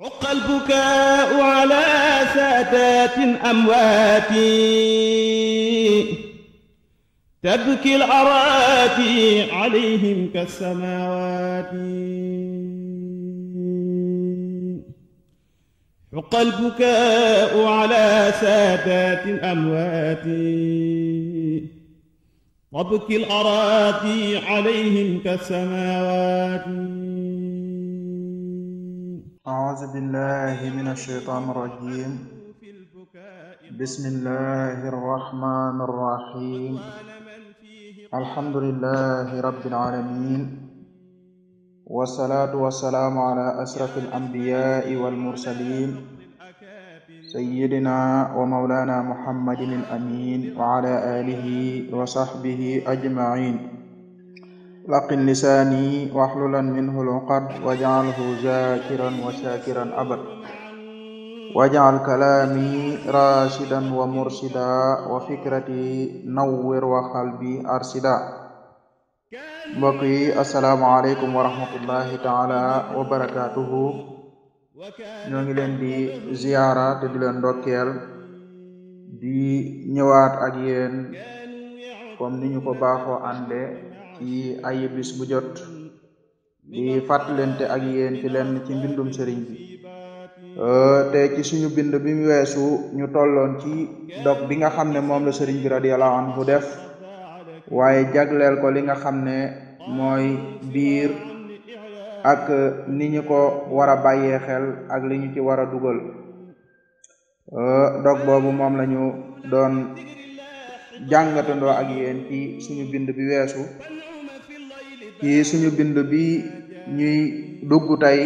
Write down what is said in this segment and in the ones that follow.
عق البكاء على سادات أمواتي تبكي الأراتي عليهم كالسماوات حق البكاء على سادات أموات تبكي الأراتي عليهم كالسماوات أعوذ بالله من الشيطان الرجيم بسم الله الرحمن الرحيم الحمد لله رب العالمين والصلاة والسلام على أشرف الأنبياء والمرسلين سيدنا ومولانا محمد الأمين وعلى آله وصحبه أجمعين laqin lisaani waxlulan minhu luqad wajaalhu zakiran wa shakiran abad wajaal kalaami rashidan wa mursida wa fikrati nawwir wa xalbi arsida mbokk yi asalaamualeykum wa rahmatullahi taala wa barakaatuhu ñoo ngi leen di ziyaara te di di ñëwaat ak yéen comme ko baaxo ànde ci ay bu jot di fàttalente ak yéen ci lenn ci mbindum sëriñ bi euh, te ci suñu bind bi mu weesu ñu tolloon ci dog bi nga xam ne moom la sëriñ bi radiyallahu anhu def waaye jagleel ko li nga xam ne mooy biir ak ni ñu ko war a bàyyee xel ak li ñu ci war a dugal euh, dog boobu moom la ñu doon jàngatandoo ak yéen ci suñu bind bi weesu ci suñu bind bi ñuy dugg tey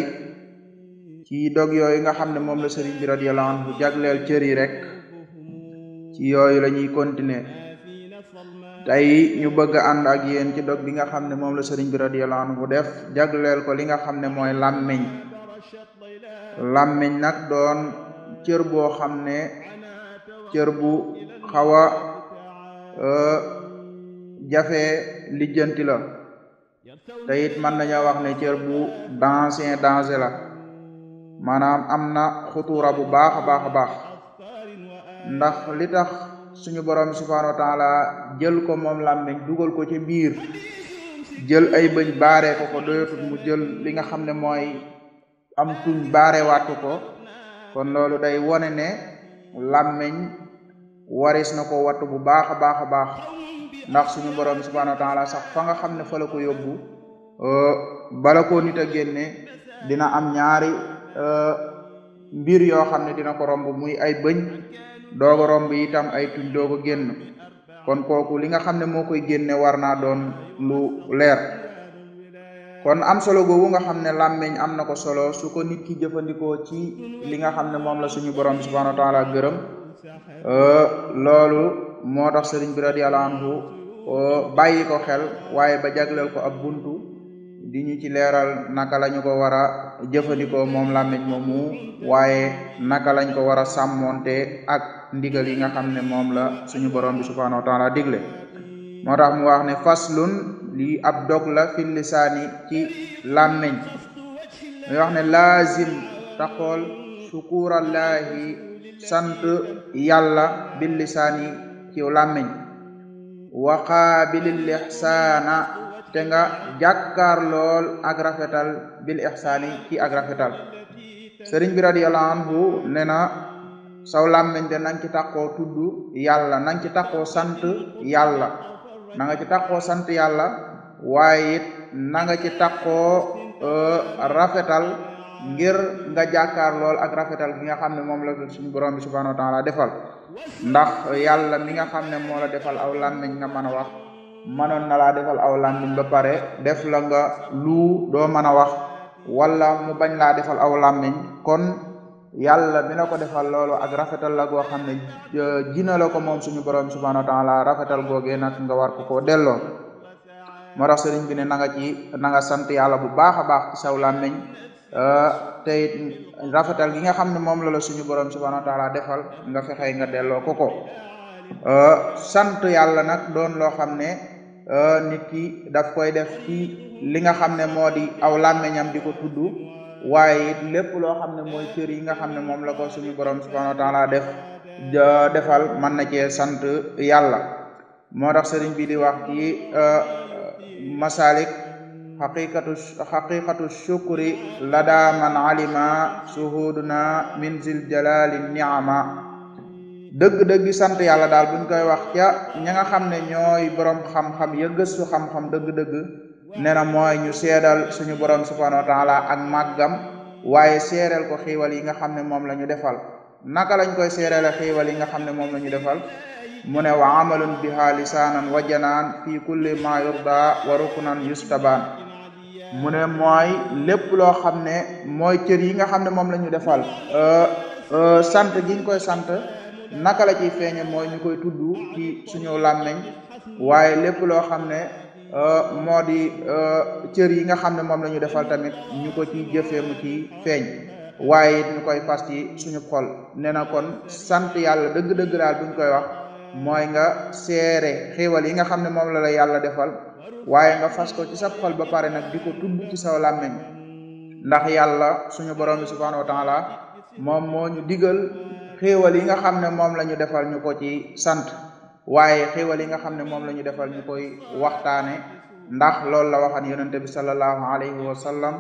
ci dog yooyu nga xam ne moom la sëriñ bi radiyallahu anhu jagleel cër yi rek ci yooyu lañuy ñuy continuer tey ñu bëgg ànd ak ci dog bi nga xam ne moom la sëriñ bi radiyallahu anhu def jagleel ko li nga xam ne mooy làmmiñ làmmiñ nag doon cër boo xam ne cër bu xaw a euh, jafee lijjanti la te it mën nañoo wax ne cër bu dancin danger la maanaam am na xutuura bu baax a baax a baax ndax li tax suñu borom subhanahu wa taala jël ko moom làmmiñ dugal ko ci biir jël ay bëñ baaree ko ko doyatut mu jël li nga xam ne mooy am tuñ baaree wattu ko kon loolu day wone ne làmmiñ waris na ko wattu bu baax a baax a baax ndax suñu borom subhanahu wa taala sax fa nga xam ne fa ko yóbbu euh, bala koo nit a génne dina am ñaari euh, mbir yoo xam ne dina ko romb muy ay bëñ dooga romb itam ay tuñ dooga génn kon kooku li nga xam ne moo koy génne war naa doon lu leer kon am solo googu nga xam ne làmmiñ am na ko solo su ko ki jëfandikoo ci li nga xam ne moom la suñu borom subhanahu wa taala gërëm euh, moo tax sëriñ bi radiyallahu anhu bàyyi ko xel waaye ba jagleel ko ab buntu di ñu ci leeral naka lañu ko war a jëfandikoo moom làmmiñ moomu waye naka lañ ko war a sàmmoonte ak ndigal yi nga xam ne moom la suñu borom bi subhanahu wa taala digle moo tax mu wax ne faslun ab dog la fi lisaani ci làmmiñ muy wax ne laazim taxool sukurallaahi sant yàlla bi ci ciw làmmiñ waxaabilil ixsaana te nga jàkkaar lool ak rafetal bil ixsaani ci ak rafetal sëriñ bi radiyallahu anhu ne na saw làmmiñ de nanga ci taqoo tudd yàlla nañ ci taqoo sant yàlla na nga ci taqoo sant yàlla waaye it na nga ci taqoo euh, rafetal ngir nga jàkkaar lool ak rafetal bi nga xam ne moom la suñu borom bi subhanahu wa taala defal ndax yàlla mi nga xam ne moo la defal aw làmmiñ nga mën a wax mënoon na laa defal aw làmmiñ ba pare def la lu doo mën a wax wala mu bañ laa defal aw làmmiñ kon yàlla mi la ko defal loolu ak rafetal la xam ne euh, jina la ko moom suñu borom bi subhanahu wa taala rafetal googee nag nga war ko koo delloo moo tax sëriñ bi ne na sant yàlla bu baax a baax ci saw làmmiñ Eh, te it rafetal gi nga xam ne moom la la suñu borom subhanahu wa defal nga fexey nga delloo ko ko eh, sant yàlla nag doon loo xam ne eh, nit ki daf koy def ci li nga xam ne moo di aw làmmeñam di ko tudd waaye lépp loo xam ne mooy cër yi nga xam ne moom la ko suñu borom subhanahu wa taala def defal mën na cee sant yàlla moo tax sëriñ wax ci masalik xaqiqatu xaqiqatu shukri lada man alima suhuduna min zil jalali niama dëgg-dëgg sant yàlla daal buñ koy wax ca ña xam ne ñooy borom xam-xam ya gëstu xam-xam dëgg-dëgg nee na ñu sedal suñu borom subhanahu wa taala ak màggam waaye seereel ko xiiwal yi nga xam ne moom la ñu defal naka lañ koy seereel xiiwal yi nga xam ne moom la ñu defal mu ne wa amalun biha lisaanan wa janaan fi kulli ma yurda wa ruknan yustaban mu ne mooy lépp loo xam ne mooy cër yi nga xam ne moom la ñu defal euh, euh, sant gi ñu koy sant naka la ciy feeñe mooy ñu koy tudd ci suñu làmmeñ waaye lépp loo xam ne euh, moo di cër yi nga xam ne moom la ñu defal tamit ñu ko ci jëfee mu ci feeñ waaye it ñu koy fas ci suñu xol nee na kon sant yàlla dëgg-dëgg daal bu koy wax mooy nga seere xéewal yi nga xam ne moom la la yàlla defal waaye nga fas ko ci sa xol ba pare nag di ko ci saw làmmeñ ndax yàlla suñu borom bi subhanahu wa taala moom moo ñu digal xéewal yi nga xam ne moom lañu ñu defal ñu ko ci sant waaye xéewal yi nga xam ne moom la defal ñu koy waxtaane ndax loolu la waxan yonente bi sallallahu alayhi wa sallam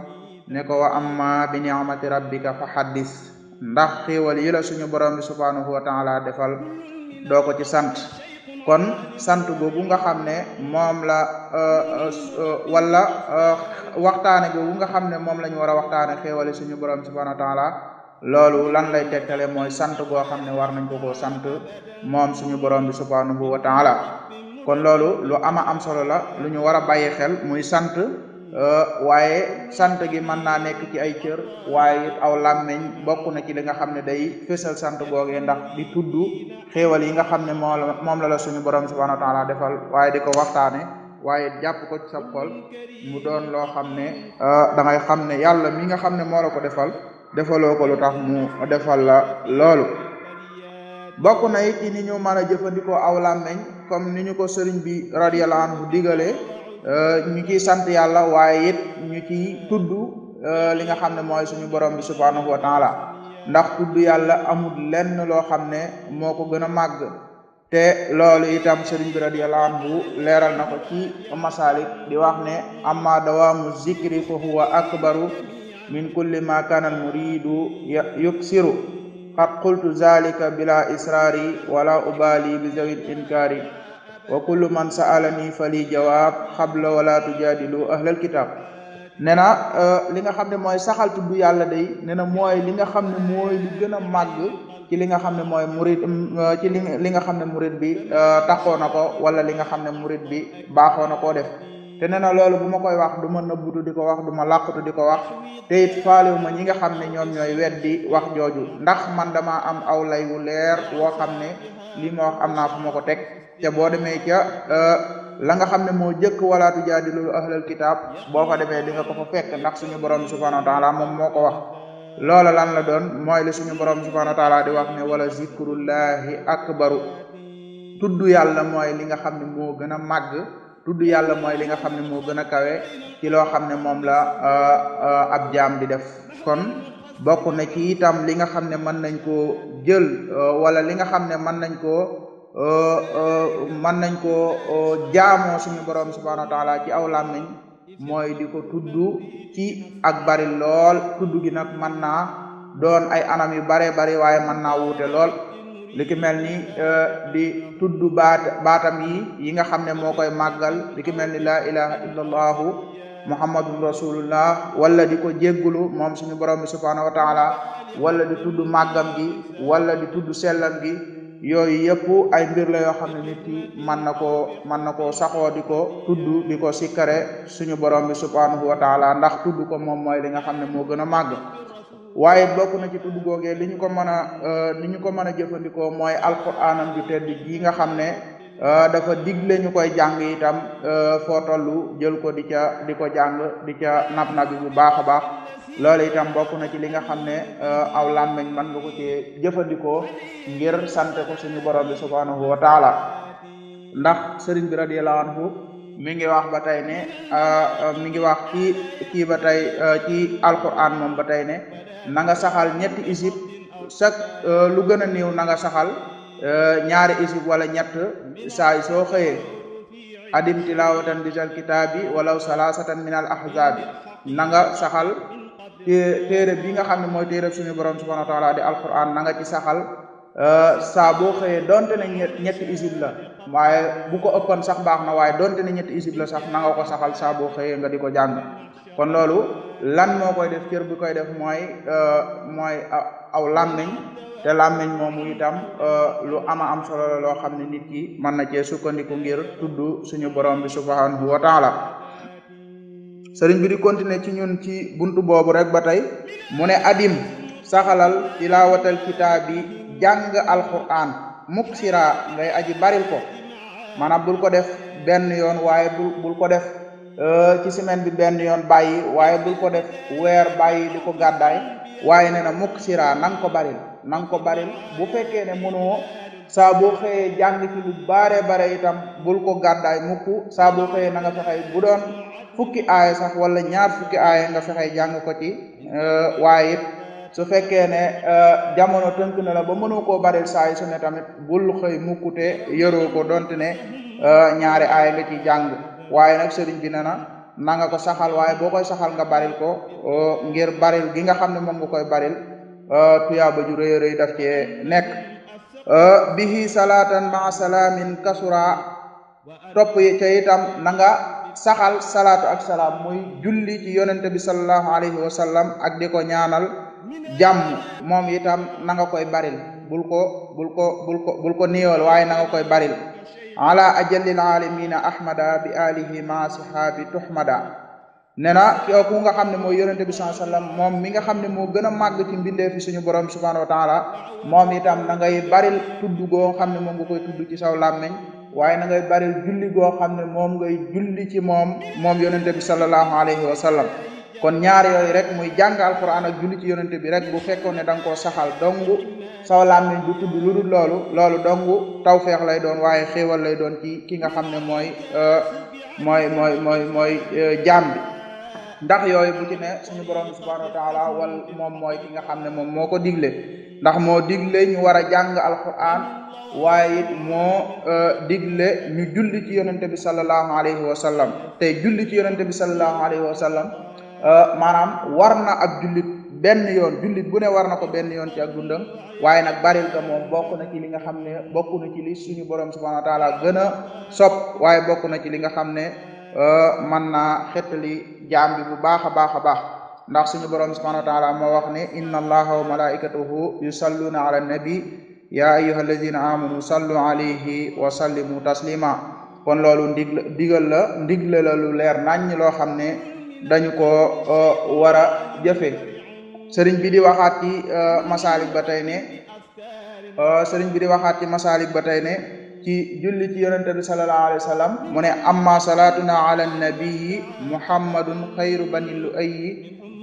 ne ko wa amma bi ni'mati rabbika fa xaddis ndax xéewal yi la suñu borom bi subhanahu wa taala defal doo ko ci sant kon sant boobu nga xam ne moom la euh, euh, euh, wala waxtaane boobu nga xam ne moom la ñu war a waxtaane xéewale suñu borom subhanahu wa taala loolu lan lay tegtale mooy sant goo xam ne war nañ ko koo sant moom suñu borom bi subhanahu wa taala kon loolu lu ama am solo la lu ñu war a bàyyi xel muy sant Euh, waaye sant gi mën naa nekk ci ay cër waaye it aw làmmeñ bokk na ci li nga xam ne day fésal sant googee ndax di tudd xéewal yi nga xam ne moom la moom la la suñu borom subhanahu wa taala defal waaye di ko waxtaane waaye jàpp ko ci sa xol mu doon loo xam ne euh, da ngay xam ne yàlla mi nga xam ne moo la ko defal defaloo ko lu tax mu defal la loolu bokk na it ci ni ñu mën a jëfandikoo aw làmmeñ comme ni ñu ko sëriñ bi radiyallahu anhu digale Eh, ñu ciy sant yàlla waaye it ñu ciy tudd eh, li nga xam ne mooy suñu borom bi subhanahu wa ndax tudd yàlla amul lenn loo xam ne moo ko gën a màgg te loolu itam sëriñ bi radiyallahu leeral na ko ci masalik di wax ne amma dawaamu zikri fa huwa akbaru min kulli ma kana muridu yuksiru qad qultu zalika bila israari wala ubali bi zawil wa kullu man sa'alani fali jawaab xabla wala tujaadilu ahlal kitab nee na euh, li nga xam ne mooy saxal tudd yàlla day nee na mooy li nga xam ne mooy gën a màgg ci li nga xam ne mooy murid euh, ci li li nga xam ne murid bi euh, taxoo na ko wala li nga xam ne murid bi baaxoo na koo def te nee na loolu bu ma koy wax du ma nëbbutu di ko wax du ma làqatu di ko wax te it faalewu ma ñi nga xam ne ñoom ñooy weddi wax jooju ndax man dama am aw lay wu leer woo xam ne li ma wax am naa fu ma ko teg te boo demee ca euh, la nga xam ne moo jëkk walaatu jaadilu ahlal kitaab boo fa demee di nga ko fa fekk ndax suñu borom subhanahu wa taala moom moo ko wax loola lan la doon mooy la suñu borom subhanahu wa taala di wax ne wala ak akbaru tuddu yàlla mooy li nga xam ne moo gën a màgg tudd yàlla mooy li nga xam ne moo gën a kawe ci loo xam ne moom la euh, euh, ab jaam di def kon bokk na ci itam li nga xam ne mën nañ koo jël wala li nga xam ne mën nañ ko Euh, euh, mën nañ ko euh, jaamoo suñu borom subhanahu wa ci aw làmmiñ mooy di ko tuddu ci ak bari lool tudd gi nag mën naa doon ay anam yu baree bari waaye mën naa wuute lool li ki mel ni di tudd baat baatam yi yi nga xam ne moo koy màggal li ki mel ni laa ilaha illallahu muhammadun rasulullah wala di ko jéggulu moom suñu borom bi subhanahu wa taala wala di tudd màggam gi wala di tudd sellam gi yooyu yëpp ay mbir la yoo xam ne nit ki mën na koo mën na koo saxoo di ko tudd di ko sikkare suñu borom bi subhanahu wa taala ndax tudd ko moom mooy li nga xam ne moo gën a màgg waaye bokk na ci tudd googee li ñu ko mën a euh, li ñu ko mën a jëfandikoo mooy alquranam ju tedd ji nga xam ne euh, dafa digle ñu koy jàng itam euh, foo tollu jël ko di ca di ko jàng di ca nab nab bu baax a baax loolu itam bokk na ci li nga xam ne euh, aw làmmeñ man nga ko jëfandikoo ngir sante ko suñu borom bi subhanahu wa ndax sëriñ bi radiyallahu anhu mi ngi wax ba tey ne euh, mi ngi wax ci kii ba tey euh, ci alquran moom ba tey ne na nga saxal ñetti isib chaque lu gën a néew na nga saxal ñaari isib wala ñett saay soo xëyee adim tilawatan bisal kitaabi walaw salasatan min al ahzabi na nga saxal té téere bi nga xam ne mooy téere suñu borom subhanahu wa taala di alquran na nga ci saxal euh, saa boo xëyee donte ne ñetti isib la waaye bu ko ëppoon sax baax na waaye donte ne ñetti isib sax na ko saxal saabo boo nga di ko jàng kon loolu lan moo koy def cër bi koy def mooy euh, mooy aw làmmiñ te làmmiñ moomu itam euh, lu ama am solo la loo xam ne nit ki mën na cee sukkandiku ngir tudd suñu borom bi subhanahu wa taala sëriñ bi di continuer ci ñun ci buntu boobu rek ba tey mu ne adim saxalal tilaawatal kitaab bi jàng alquran muksira ngay aji baril ko maanaam bul ko def benn yoon waaye bul bul ko def euh, ci semaine bi benn yoon bàyyi waaye bul ko def weer bàyyi di ko gàddaay waaye nee na muksira na nga ko baril na nga ko baril bu fekkee ne saa boo xëyee jàng ci lu bare bare itam bul ko gàddaay mukk saabo boo xëyee fexey bu doon fukki aaya sax wala ñaar fukki aaya nga fexey jàng ko ci euh, waaye it su fekkee ne euh, jamono tënk na la ba mënoo ko baril saa su ne tamit bul xëy mukkute yoroo ko donte ne euh, ñaari aaya nga ci jàng waaye nag sëriñ bi nee na na nga ko saxal waaye boo koy saxal nga baril ko ngir baril gi nga xam ne moom nga koy baril tuyaaba ju rëy a rëy daf nekk Eh, bihi salaatan maa salaamin kasura topp ca itam na nga saxal salaatu ak salaam muy julli ci yonente bi sallallahu alayhi wa ak di ko ñaanal jàmm moom itam na koy baril bul ko bul ko bul waaye koy baril ala ajalil alamina ahmada bi alihi ma sahabi tuhmada nee na kooku nga xam ne mooy yonente bi sallallahu alayhi wasallam moom mi nga xam ne moo gën a màgg ci mbindeefi suñu borom subhanahu wa taala moom itam na ngay baril tudd goo xam ne moom nga koy tudd ci saw làmmeñ waaye na ngay baril julli goo xam ne moom ngay julli ci moom moom yonente bi sallallahu alayhi wasallam kon ñaar yooyu rek muy jàng alquran ak julli ci yonente bi rek bu fekkoon ne da saxaal koo saxal dong saw làmmiñ du loolu loolu dong tawfeex lay doon waaye xéewal lay doon ci ki nga xam ne mooy euh, mooy mooy mooy mooy euh, jaam bi ndax yooyu bu ci ne suñu borom bi subhanahu wa taala moom mooy ki nga xam ne moom moo ko digle ndax moo digle ñu war a jàng alquran waaye it euh, ñu julli ci yonente bi sallallahu alayhi wa sallam te julli ci yonente bi sallallahu alayhi wa sallam euh, maanaam war na ab jullit benn yoon jullit bu ne war na ko benn yoon ci ak dundam waaye nag baril ga moom bokk na ci li nga xam ne bokk na ci li suñu borom subhanahu wa taala gën a sopp waaye bokk na ci li nga xam ne Euh, mën naa xettali jaam bi bu baax a baax a baax ndax suñu borom subhanahu wa taala moo wax ne inna allaha wa malaikatahu yusalluna ala nabi ya ayyuha alladina amanu sallu alayhi wa taslima kon loolu ndig digal la ndigle la leer naññ loo xam ne dañu ko euh, war a jëfe euh, sëriñ bi di waxaat ci masaalik ba tey ne sëriñ bi di waxaat ci masaalik ba tey ne ci julli ci yonente bi sallallahu alayhi wa sallam mu ne amma salaatuna ala nabiyi muhammadun xayru bani lu ayyi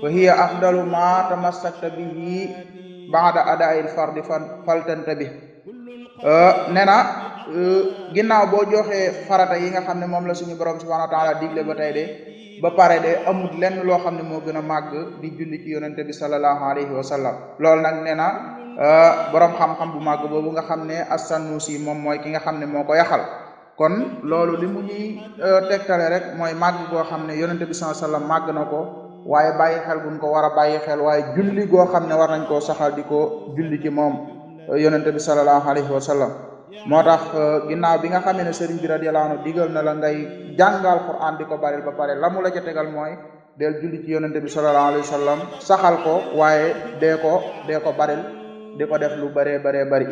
fa hiya afdalu ma tamassakta bihi baada adaa'il fardi fan faltanta bi nee na ginnaaw boo joxe farata yi nga xam ne moom la suñu borom subhanahu wa taala digle ba tey de ba pare de amut lenn loo xam ne moo gën a màgg di julli ci yonente bi sallallahu wa sallam loolu nag nee Euh, borom xam-xam bu màgg boobu nga xam ne as-Sanusi moom mooy ki nga xam ne moo ko yaxal kon loolu li mu ñuy euh, tegtale rek mooy màgg goo xam ne yonente bi sallallahu màgg na ko waaye bàyyi xel buñ ko war a bàyyi xel waaye julli goo xam ne war nañ koo saxal di ko julli ci moom euh, yonente bi sallallahu alayhi wasallam moo tax ginnaaw bi nga xamee ne sëriñ bi radiyallahu anhu digal na la ngay jàngal Qur'an di ko baril ba pare la mu la ca tegal mooy del julli ci yonente bi sallallahu alayhi wasallam saxal ko waaye dee ko dee ko baril di def lu baree baree bari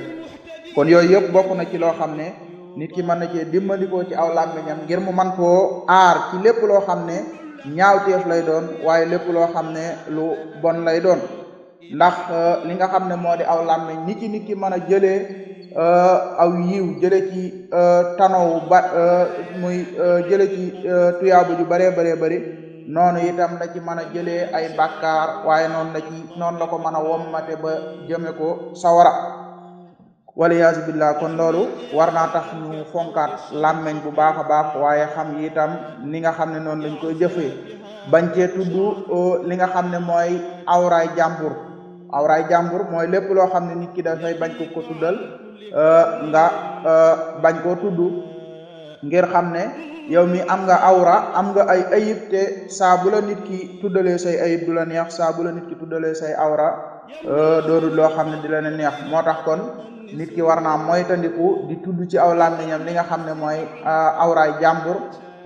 kon yooyu yëpp bokk na ci loo xam ne nit ki mën na cee dimbandikoo ci aw làmmiñam ngir mu man koo aar ci lépp loo xam ne ñaawteef lay doon waaye lépp loo xam ne lu bon lay doon ndax euh, li nga xam ne moo di aw làmmiñ nit ci nit ki mën a jëlee euh, aw yiw jële ci euh, tanow ba muy jële ci tuyaabu ju baree baree bari noonu itam la ci mën a jëlee ay bàkkaar waaye noonu la ci noonu la ko mën a wommate ba jëme ko sawara wala waliyaasu billah kon loolu war naa tax ñu fonkaat làmmeñ bu baax a baax waaye xam itam ni nga xam ne noonu lañ ko jëfee bañ cee tudd li nga xam ne mooy awraay jàmbur awraay jàmbur mooy lépp loo xam ne nit ki dafay bañ ko ko tuddal euh, nga euh, bañ koo tudd ngir xam ne yow mi am nga awra am nga ay ayib te saa bu la nit ki tuddalee say ayib du la neex saa bu la nit ki tuddalee say awra euh, doodul loo xam ne di la ne neex moo tax kon nit ki war naa moytandiku di tudd ci aw làmmiñam li nga xam ne mooy euh, awraay jàmbur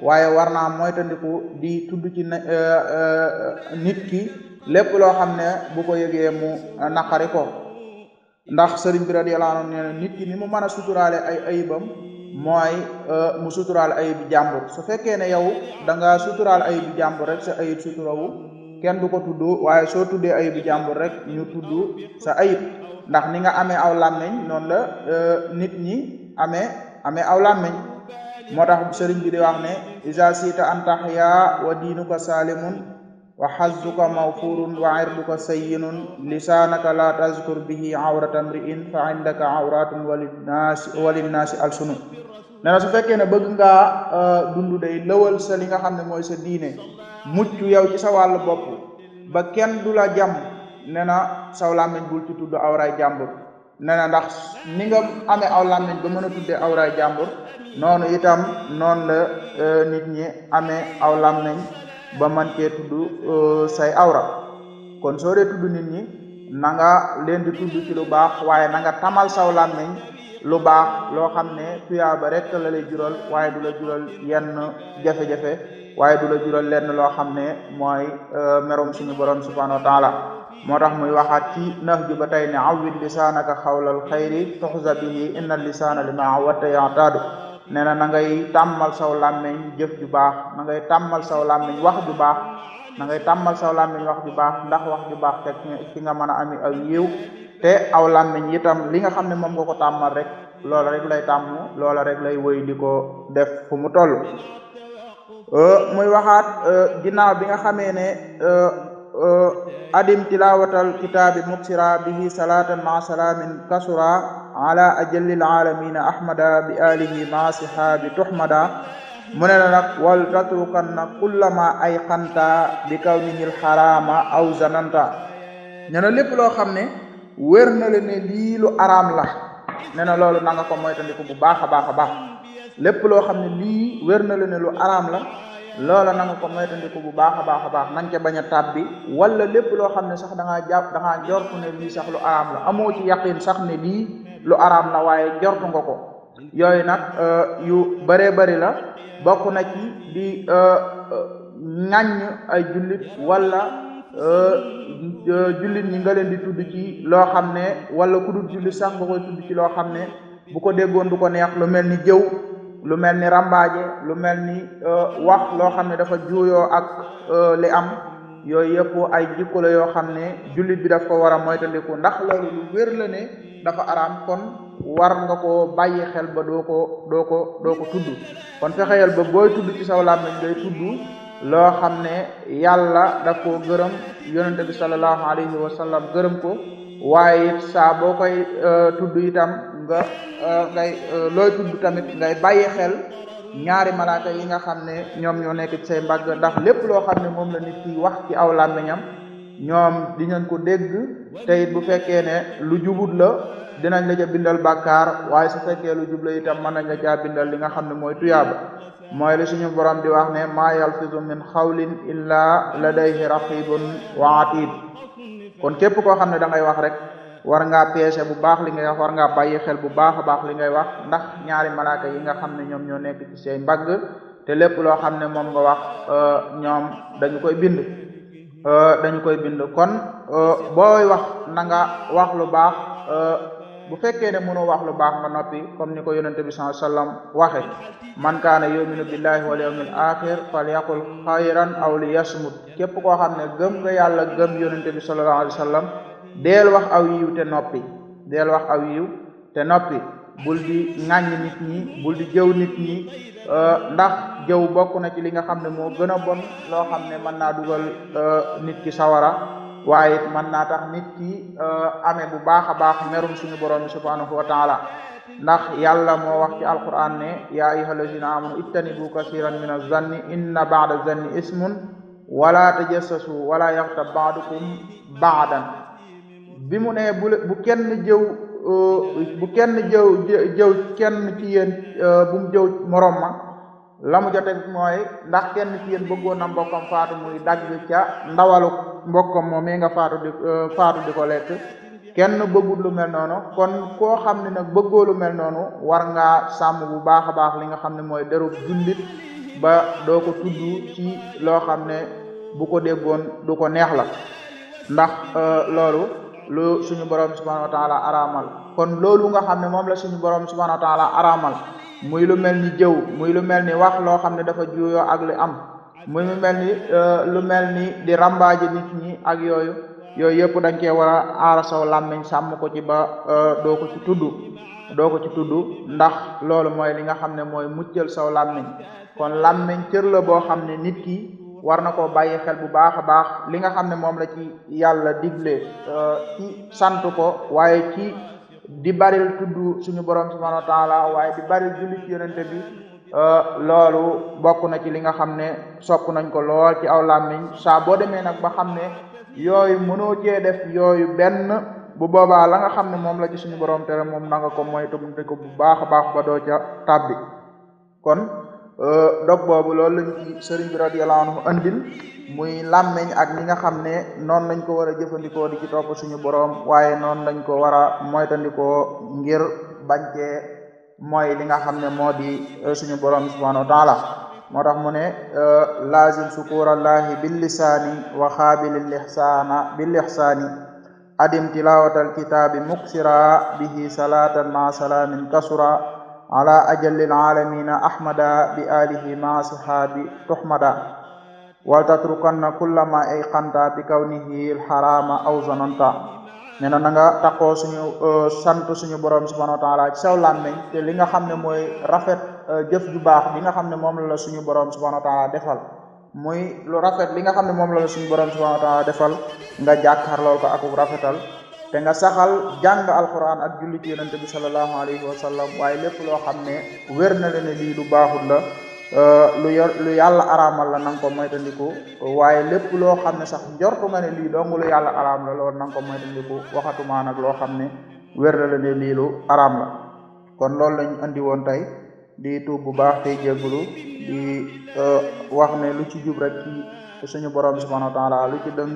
waaye war naa moytandiku di tudd ci euh, nit ki lépp loo xam ne bu ko yëgee mu naqari ndax sëriñ bi radiyallahu anhu nee na nit ki ni mu mën a suturaale ay ayibam mooy euh, mu sutural ayibu jàmbur su fekkee ne yow da nga suturaal ayibu rek sa ayib suturawu kenn du ko tudd waaye soo tuddee ayibu jàmbur rek ñu tudd sa ayib ndax ni nga amee aw làmmeñ noonu la euh, nit ñi ame ame aw làmmeñ moo tax sëriñ bi di wax ne isa siita an tahya wa diinuka saalimun wa xazuka mawfurun wa irduka sayyinun lisaanaka la tazkur bihi awrata mri'in fa indaka awratun walinnaasi walinnaasi alsunu nee su fekkee ne bëgg ngaa euh, dund day lëwal sa li nga xam ne mooy sa diine mucc yow ci sa wàllu bopp ba kenn du la jàmm nee na saw làmmiñ bul ci tudd awray jàmbur nee na ndax ni nga amee aw làmmiñ ba mën a tuddee awray jàmbur noonu itam noonu la euh, nit ñi amee aw làmmiñ ba man cee tudd euh, say awra kon soo dee tudd nit ñi nanga leen di tudd ci lu baax waaye nanga nga tamal saw làmmiñ lu baax loo xam ne tuyaaba rek la jural waaye du la jural yenn jafe-jafe waaye du la jural lenn loo xam ne mooy euh, merum suñu borom subhanahu wa taala moo tax muy waxaat ci nax ju ba tey ne awwit lisaanaka xawlal xayri tuxza bihi inna lisaana li ma awatta yaataadu nee na na ngay tàmmal saw làmmeñ jëf ju baax na ngay tàmmal saw làmmeñ wax ju baax na ngay tàmmal saw làmmeñ wax ju baax ndax wax ju baax teg ci nga mën a ami aw yiw te aw làmmiñ itam li nga xam ne moom nga ko tàmmal rek loola rek lay tàmm loola rek lay wéy di def fu mu toll euh, muy waxaat euh, ginnaaw bi nga xamee ne euh, adim tilawatal kitaabi muksira bihi salatan ma salaamin kasura ala ajallil alamina ahmada bi alihi ma sihaabi tuhmada mu ne la nag wal tatrukanna kullama ay xanta bi kawnihil xaraama aw zananta ñene lépp loo xam ne wér na la ne lii lu araam la nee na loolu na nga ko moytandiku bu baax a baax a baax lépp loo xam ne lii wër na la ne lu araam la loola na nga ko moytandiku bu baax a baax a baax nañ nga ca bañ a tàbbi walla lépp loo xam ne sax da ngaa jàpp da ngaa jortu ne lii sax lu araam la amoo ci yaqin sax ne lii lu araam la waaye jortu nga ko yooyu nag euh, yu bëree bëri la bokk na ci di euh, euh, ŋàññ ay jullit wala Euh, euh, jullit ñi nga leen di tudd ci loo xam ne wala ku dul jullit sax nga koy tudd ci loo xam ne bu ko déggoon du ko neex lu mel ni jëw lu mel ni rambaaje lu mel ni euh, wax loo xam ne dafa juuyoo ak li am yooyu yëpp ay jikko la yoo xam ne jullit bi daf ko war a moytandiku ndax loolu lu wér la ne dafa araam kon war nga ko bàyyi xel ba doo ko doo ko doo ko tudd kon fexeyal ba booy tudd ci saw làmmiñ ngay tudd loo xam ne yàlla da ko gërëm yonente bi sallallahu alayhi wa sallam gërëm ko waaye it saa boo koy euh, tudd itam nga euh, euh, looy tudd tamit ngay bàyyi xel ñaari malaaka yi nga xam ne ñoom ñoo nekk ci say mbagg ndax lépp loo xam ne moom la nit ki wax ci aw làmmiñam ñoom dinañ ko dégg te bu fekkee ne lu jubut la dinañ la ca bindal bàkkaar waaye su fekkee lu jub la itam mën nañ la caa bindal li nga xam ne mooy tuyaaba mooy li suñu borom di wax ne maa yalfizu min xawlin illa ladayhi raqibun wa atid kon képp koo xam ne da ngay wax rek war ngaa peese bu baax li ngay wax war ngaa xel bu baax a baax li ngay wax ndax ñaari malaaka yi nga xam ne ñoom ñoo nekk ci say mbagg te lépp loo xam ne moom nga wax euh, ñoom dañu koy bind euh, dañu koy bind kon euh, booy wax nanga nga wax lu baax bu fekkee ne mënoo wax lu baax nga noppi comme ni ko yonente bi sallallahu alayhi wasallam waxe man kaana yuminu billahi wal yawmil aw li képp koo xam gëm nga yàlla gëm yonente bi sallallahu alayhi wasallam deel wax aw yiw te noppi wax aw yiw te noppi bul di ŋàññ nit bul di jëw nit ñi euh, ndax jëw bokk na ci li nga xam ne moo gën a bon loo xam ne mën naa dugal euh, nit ki sawara waaye man mën naa tax nit ki euh, amee bu baax a baax merum suñu borom bi subhanahu wa taala ndax yàlla moo wax ci alquran ne ya ayyuha allazina amanu ittanibu kasiran min az-zanni inna ba'da zanni ismun wala tajassasu wala yaxtab ba'dukum ba'dan bi mu ne bu bu kenn jëw euh, bu kenn jëw jëw kenn ci yéen euh, bu jëw morom ma lamu mu jote mooy ndax kenn ci yéen bëggoon na mbokkam faatu muy dagg ca ndawaluk mbokkam moom mi nga faatu di euh, faatu di ko lekk kenn bëggut lu mel noonu kon koo xam ne nag bëggoo lu mel noonu war ngaa sàmm bu baax a baax li nga xam ne mooy derub jullit ba doo ko tudd ci loo xam ne bu ko déggoon du ko neex la ndax euh, loolu lu suñu borom subhanahu wa taala aramal kon loolu nga xam ne moom la suñu borom subhanahu wa taala araamal muy lu mel ni jëw muy lu mel ni wax loo xam ne dafa juuyoo ak li am muy mu mel ni euh, lu mel ni di rambaaji nit ñi ak yooyu yooyu yëpp dañ cee war a aara saw làmmiñ sàmm ko ci ba euh, doo ko ci tudd doo ko ci tudd ndax loolu mooy li nga xam ne mooy muccal saw làmmiñ kon làmmiñ cër la boo xam ne nit ki war na koo bàyyi xel bu baax a baax li nga xam ne moom la ci yàlla digle euh, ci sant ko waaye ci di baril tudd suñu borom subhanahu wa waaye di baril julli ci yonente bi Eh, loolu bokk na ci li nga xam ne sopp nañ ko lool ci aw làmmiñ saa boo demee nag ba xam ne yooyu mënoo cee def yooyu benn bu boobaa la xam ne moom la ci suñu borom tere moom nanga ko moytu ko bu baax a baax ba doo ca tàbbi kon eh, dog boobu loolu lañ ci sëriñ bi radiyallahu anhu andil muy làmmiñ ak ñi nga xam ne noonu lañ ko war a jëfandikoo di ci topp suñu boroom waaye noonu lañ ko war a moytandikoo ngir bañ cee mooy li nga xam ne moo di euh, suñu borom subhanahu wa taala moo tax mu ne euh, laazim sukurallahi bil lisaani wa xaabilil ihsaana bil adim tilawatal kitaabi muksira bihi salatan ma salaamin kasura ala ajallil aalamina ahmada bi alihi ma tuhmada wal tatrukanna kullama ay bi kawnihi al aw zananta nee na na nga taqoo suñu euh, sant suñu borom subhanahu wa taala ci saw làmmiñ te li nga xam ne mooy rafet euh, jëf ju baax li nga xam ne moom la suñu borom subhanahu wa taala defal muy lu rafet li nga xam ne moom la suñu borom subhanahu wa taala defal nga jàkkaarlool ko ak rafetal te nga saxal jàng alquran ak julli ci yonente bi sallallahu alayhi wa sallam waaye lépp loo xam ne wér na le ne lii lu baaxul la Euh, lu yor lu yàlla araamal la na nga ko moytandiku waaye lépp loo xam ne sax njortu nga ne lii dong lu yàlla araam la loolu na nga ko moytandiku waxatumaa nag loo xam ne wér na la ne lii lu araam la kon loolu lañ andi woon tey di tuub bu baax tey jéggulu di euh, wax ne lu ci jub rek suñu borom bi subhanahu wa lu ci dëng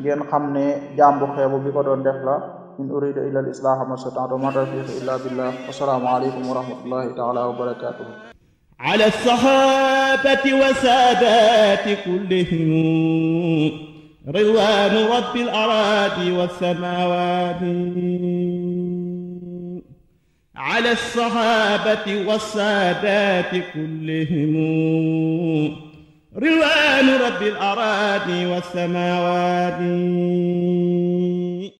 ngeen xam ne jàmbu xeebu bi ko doon def la in uridu illa al islaha ma stata'tu ma tawfiqi illa billah assalaamu aleykum wa rahmatullahi taala wa barakatuhu على الصحابة وسادات كلهم رضوان رب الأراضي والسماوات على الصحابة والسادات كلهم رضوان رب الأراضي والسماوات